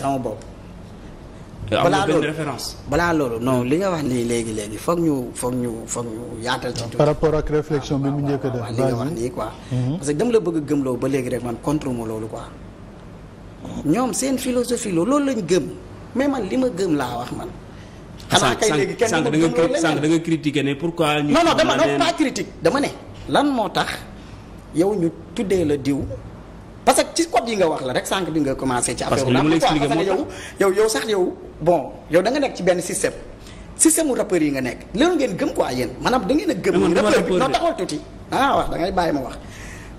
sama bopp. balaa loolu référence. balaa loolu non li nga wax nii léegi léegi foog ñu foog ñu foog ñu yaatal ci. Ah, par rapport ak réflexion bi ah, mu njëkk a def. li nga wax nii mhm. quoi. parce que dama la bëgg a gëmloo ba léegi rek man contre ma loolu quoi. ñoom seen philosophie la loolu lañu gëm mais man li ma gëm laa wax man. xanaa kay léegi kenn sànq da nga sànq da nga critiqué ne pourquoi. ñu non non dama non pas critique dama ne. lan moo tax yow ñu tuddee la diw. parce que ci code yi nga wax la rek sànq bi nga commencé. ci affaire rap parce que yow yow yow sax yow bon yow da nga nekk ci benn système système mu rappeurs yi nga nekk loolu ngeen gëm quoi yéen maanaam da ngeen a gëm. Eh dama rappeur bi noo taxawal tuuti dangaa ah, wax da ngay bàyyi ma wax.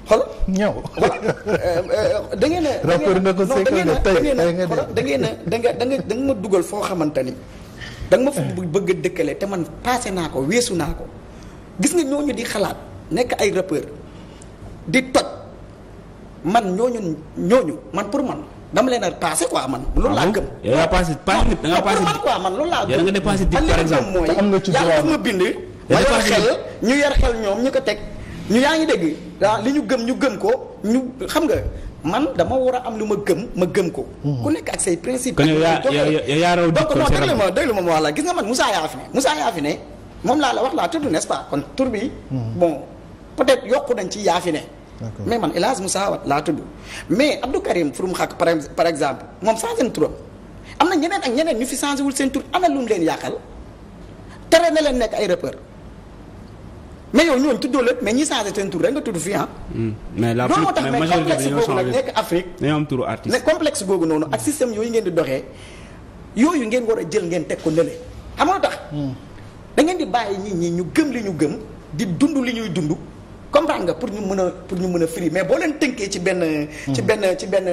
xol ñëw voilà da ngeen a. rappeur nga ko seqal nga tey tey nga de da ngeen a da ngeen a da nga da nga ma dugal foo xamante ni. da nga ma fa bëgg a dëkkale te man passé naa ko weesu naa ko gis nga ñooñu di xalaat nekk ay rappeur di toj man ñooñu ñooñu man pour man dama leen a passé quoi man. loolu laa ah gëm. yow yaa passé passé nit da ngaa passé loolu laa gëm. nga dépassé nit par exemple mooy yàlla dafa ma bind. ma yor xel ñu yor xel ñoom ñu ko teg ñu yaa ngi dégg ah li ñu gëm ñu gëm ko ñu xam nga. man dama war a am lu ma gëm ma gëm ko. Hmm. ku nekk ak say principe. kon yaa yaa raw donc non déglu ma ma wax la gis nga man Moussa Yaafiné Moussa Yaafiné moom laa la wax laa tudd n'est-ce pas kon tur bi. Hmm. bon peut mais man El Hadj Moussa Wade laa tudd mais Abdou Karim Fouroum Khak par exemple moom changé na turam am na ñeneen ak ñeneen ñu fi changé wul seen tur ana lu leen yàqal tere na leen nekk ay rappeur mais yow ñooñu tuddoo lépp mais ñi changé seen tur rek nga tudd fii ah. Hmm. mais la plus mais majorité bi dañoo changé nekk Afrique. dañoo am turu artiste. mais complexe googu noonu ak système yooyu ngeen di doxee yooyu ngeen war a jël ngeen teg ko nële xam nga hmm. da ngeen di bàyyi nit ñi ñu gëm li ñu gëm di dund li ñuy dund. comprendre nga pour ñu mën a pour ñu mën a firi mais boo leen tënkee ci benn. ci benn benn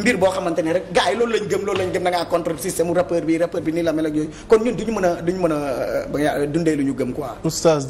mbir boo xamante ne rek gars yi loolu lañ gëm loolu lañ gëm da ngaa contre système mu rappeur bi rappeur bi nii la mel ak kon ñun du ñu mën a du ñu mën a euh, dundee lu ñu gëm quoi.